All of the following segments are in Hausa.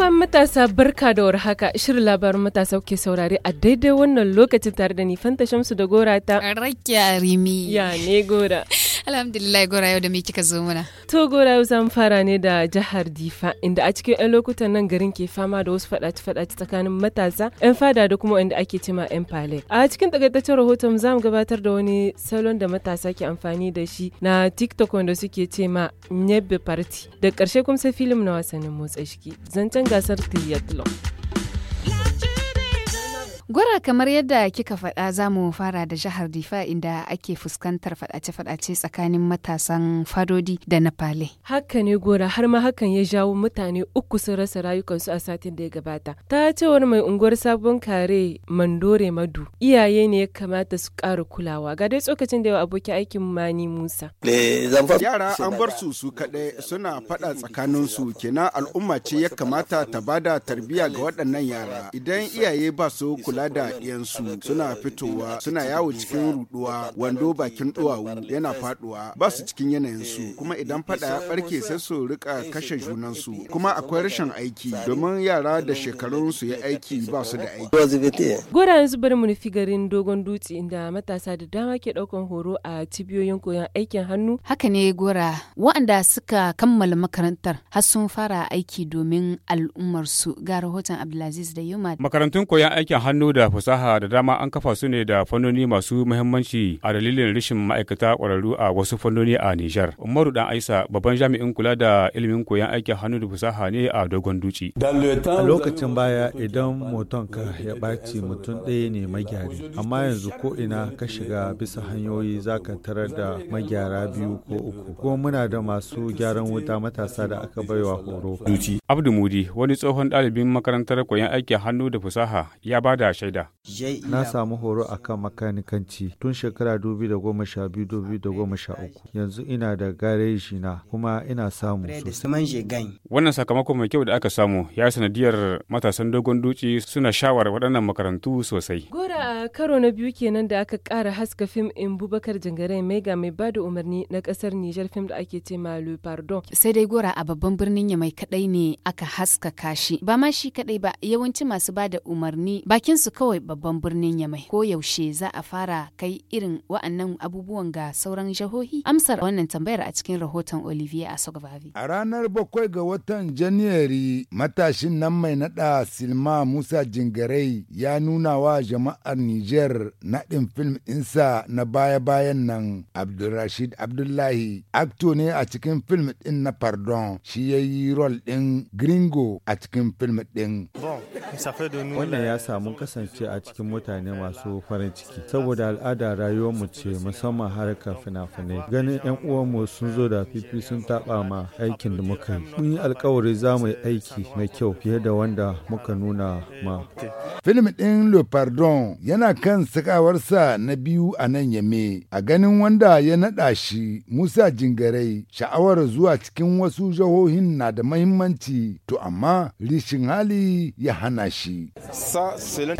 uwa matasa barka da warhaka shirin labarin matasa kuke saurari a daidai wannan lokacin tare da ni Fanta Shamsu da Gora ta. Rakiya Rimi. Ya ne Gora. Alhamdulillah yau da me kika zo mana. To yau zan fara ne da jihar Difa inda a cikin 'yan lokutan nan garin ke fama da wasu faɗace-faɗace tsakanin matasa 'yan fada da kuma inda ake cema 'yan fale. A cikin takaitaccen rahoton za mu gabatar da wani salon da matasa ke amfani da shi na TikTok wanda suke ce ma Nyebbe Party. Da karshe kuma sai filim na wasannin motsa shiki zancen gasar triathlon. Gwara kamar yadda kika faɗa za mu fara da jihar Difa inda ake fuskantar faɗace-faɗace tsakanin matasan fadodi da na fale. Haka ne gora har ma hakan ya jawo mutane uku sun rasa rayukansu a satin da ya gabata. Ta cewar mai unguwar sabon kare Mandore Madu iyaye ne ya kamata su ƙara kulawa ga dai tsokacin da yawa abokin aikin Mani Musa. Yara an bar su su kaɗai suna faɗa su kenan al'umma ce ya kamata ta bada tarbiyya ga waɗannan yara idan iyaye ba su kula kula da yansu suna fitowa suna yawo cikin ruɗuwa wando bakin duwawu yana faɗuwa ba su cikin su kuma idan faɗa ya barke sai su rika kashe junansu kuma akwai rashin aiki domin yara da shekarun su ya aiki ba su da aiki. Gora yanzu bari mu nufi garin dogon dutse inda matasa da dama ke ɗaukan horo a cibiyoyin koyon aikin hannu. Haka ne gora waɗanda suka kammala makarantar har sun fara aiki domin su ga rahoton Abdulaziz da Yuma. Makarantun koyon aikin hannu da fasaha da dama an kafa su ne da fannoni masu muhimmanci a dalilin rashin ma'aikata kwararru a wasu fannoni a Nijar. Umaru Dan Aisa babban jami'in kula da ilimin koyon aikin hannu da fasaha ne a Dogon Duci. A lokacin baya idan moton ka ya ɓaci mutum ɗaya ne magyari, amma yanzu ko ina ka shiga bisa hanyoyi za ka tarar da magyara biyu ko uku. Kuma muna da masu gyaran wuta matasa da aka baiwa horo. Abdu Mudi wani tsohon ɗalibin makarantar koyon aikin hannu da fasaha ya ba da shaida. Na samu horo a kan makanikanci tun shekara 2012-2013. Yanzu ina da gareji na kuma ina samu Wannan sakamako mai kyau da aka samu ya sanadiyar matasan dogon duci suna shawar waɗannan makarantu sosai. Gora karo na biyu kenan da aka ƙara haska fim in Bubakar Jangare Mega mai bada umarni na ƙasar Nijar fim da ake ce ma Sai dai Gora a babban birnin ya mai kaɗai ne aka haska kashi. Ba ma shi kaɗai ba yawanci masu ba da umarni bakin su kawai babban birnin Yamai. Ko yaushe za a fara kai irin wa'annan abubuwan ga sauran jihohi? Amsar wannan tambayar a cikin rahoton Olivier Asogbavi. A ranar bakwai ga watan january matashin nan mai nada Silma Musa Jingarai ya nuna wa jama'ar Niger naɗin film insa na baya-bayan nan Abdulrashid Abdullahi. Akto ne a cikin film din na Pardon shi ya yi rol din Gringo a cikin film din Wannan ya samu kasance a cikin mutane masu farin ciki saboda al'ada rayuwarmu ce musamman harkar fina-finai ganin 'yan uwanmu sun zo da fifi sun taɓa ma aikin da muka yi mun yi alkawari za mu yi aiki mai kyau fiye da wanda muka nuna ma film ɗin le pardon yana kan sakawarsa na biyu a nan yame a ganin wanda ya naɗa shi musa jingarai sha'awar zuwa cikin wasu jihohin na da mahimmanci to amma rishin hali ya hana shi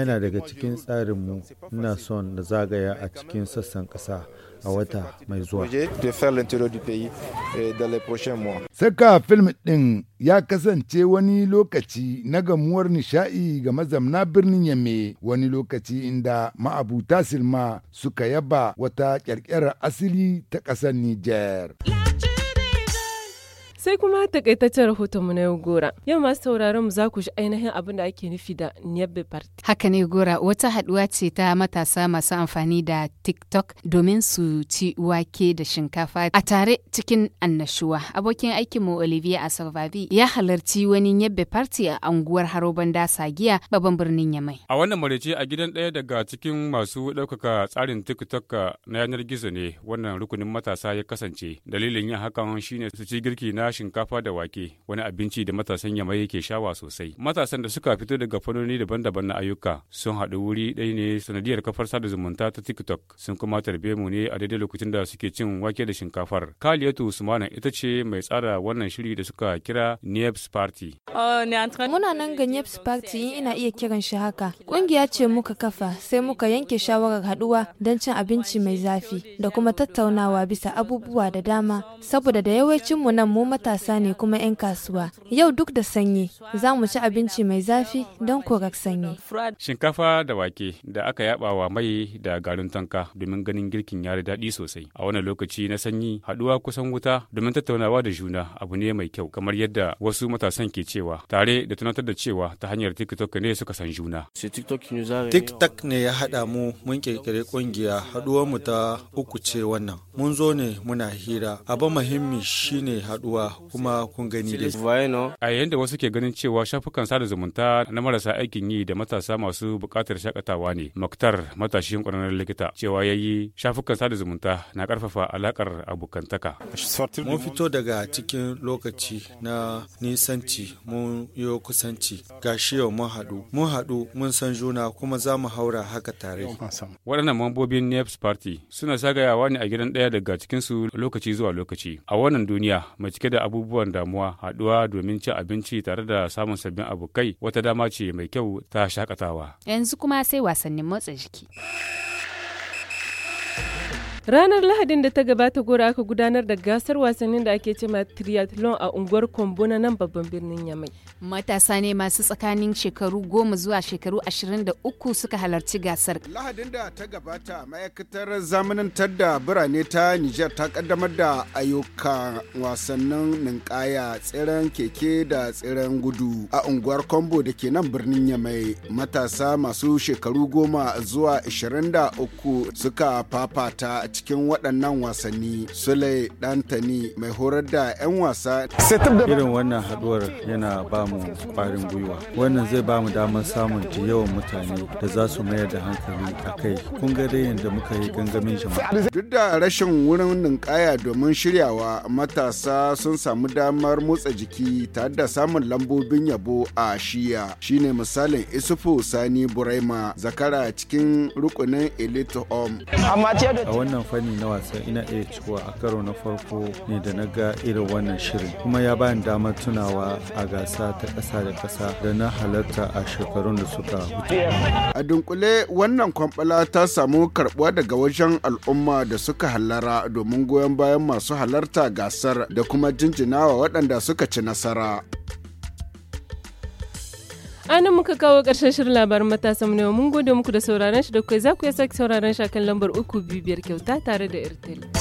yana daga cikin tsarinmu ina son na zagaya a cikin sassan ƙasa a wata mai zuwa. Eh, Saka film ɗin ya kasance wani lokaci na gamuwar nishaɗi ga mazamna birnin Yame wani lokaci inda ma'abuta silma suka yaba wata ƙyarƙyar asili ta ƙasar Nijar. Sai kuma takaitaccen rahotonmu na yau Gora. Yau masu sauraron mu za ku shi ainihin abin da ake nufi da Niyabbe Party. Haka ne Gora, wata haɗuwa ce ta matasa masu amfani da TikTok domin su ci wake da shinkafa a tare cikin annashuwa. Abokin aikin mu Olivia Asalvavi ya halarci wani Niyabbe Party a anguwar Haroban Dasa Giya babban birnin Yamai. A wannan marece a gidan ɗaya daga cikin masu ɗaukaka tsarin TikTok na yanar gizo ne wannan rukunin matasa ya kasance. Dalilin yin hakan shine su ci girki na shinkafa da wake wani abinci da matasan yamai yake shawa sosai. Matasan da suka fito daga fannoni daban-daban na ayyuka sun haɗu wuri ɗaya ne sanadiyar kafar sada zumunta ta TikTok sun kuma tarbe mu ne a daidai lokacin da suke cin wake da shinkafar. Kaliyatu Usmana ita ce mai tsara wannan shiri da suka kira Niebs Party. Oh, Muna nan ga Niebs Party ina iya kiran shi haka. kungiya ce muka kafa sai muka yanke shawarar haɗuwa don cin abinci mai zafi da kuma tattaunawa bisa abubuwa da dama saboda da yawancinmu nan mu matasa ne kuma 'yan kasuwa. Yau duk da sanyi za mu ci abinci mai zafi don korar sanyi. Shinkafa da wake da aka yaba wa mai da garin tanka domin ganin girkin ya daɗi sosai. A wani lokaci na sanyi haɗuwa kusan wuta domin tattaunawa da juna abu ne mai kyau kamar yadda wasu matasan ke cewa tare da tunatar da cewa ta hanyar TikTok ne suka san juna. TikTok ne ya haɗa mu mun ƙirƙiri ƙungiya haɗuwar mu ta uku ce wannan. Mun zo ne muna hira. Abu muhimmi shine haɗuwa kuma kun gani dai. A yayin da wasu ke ganin cewa shafukan sada zumunta na marasa aikin yi da matasa masu buƙatar shakatawa ne. Maktar matashin ƙwararren likita cewa ya yi shafukan sada zumunta na karfafa alaƙar abokantaka. Mun fito daga cikin lokaci na nisanci mun yi kusanci ga shi yau mun haɗu. Mun haɗu mun san juna kuma za mu haura haka tare. Waɗannan mambobin NEPS Party suna sagayawa ne a gidan ɗaya daga cikinsu lokaci zuwa lokaci. A wannan duniya mai cike da abubuwan damuwa haɗuwa domin cin abinci tare da samun sabbin abokai wata dama ce mai kyau ta shakatawa. Yanzu kuma sai wasannin motsa jiki. Ranar Lahadin da ta gabata gora aka gudanar da gasar wasannin da ake cema triathlon a unguwar Kombo na nan babban birnin Yamai. Matasa ne masu tsakanin shekaru goma zuwa shekaru ashirin da uku suka halarci gasar. Lahadin da ta gabata ma'aikatar zamanantar da birane ta Nijar ta kaddamar da ayyukan wasannin ninkaya tseren keke da tseren gudu a unguwar Kombo da ke nan birnin Yamai. Matasa masu shekaru goma zuwa ashirin suka fafata cikin waɗannan wasanni sulai dantani mai horar da 'yan wasa irin wannan haduwar yana ba mu ƙwarin gwiwa wannan zai ba mu damar samun ta yawan mutane da za su mayar da hankali a kai kun ga dai yadda muka yi gangamin jama'a duk da rashin wurin ninkaya domin shiryawa matasa sun samu damar motsa jiki tare da samun lambobin yabo a shiya shine misalin isufu sani buraima zakara cikin rukunin elite home a wannan wannan fanni na wasa ina iya cewa a karo na farko ne da na ga irin wannan shirin kuma ya bani damar tunawa a gasa ta ƙasa da ƙasa da na halarta a shekarun da suka huce. A dunkule wannan kwamfala ta samu karbuwa daga wajen al'umma da suka halara domin goyon bayan masu halarta gasar da kuma jinjinawa waɗanda suka ci nasara. anan muka kawo ƙarshen shirin labarin matasa mu ne mun gode muku da sauraron shi da kai za ku yi sake sauraron shi a kan lambar uku biyar kyauta tare da airtel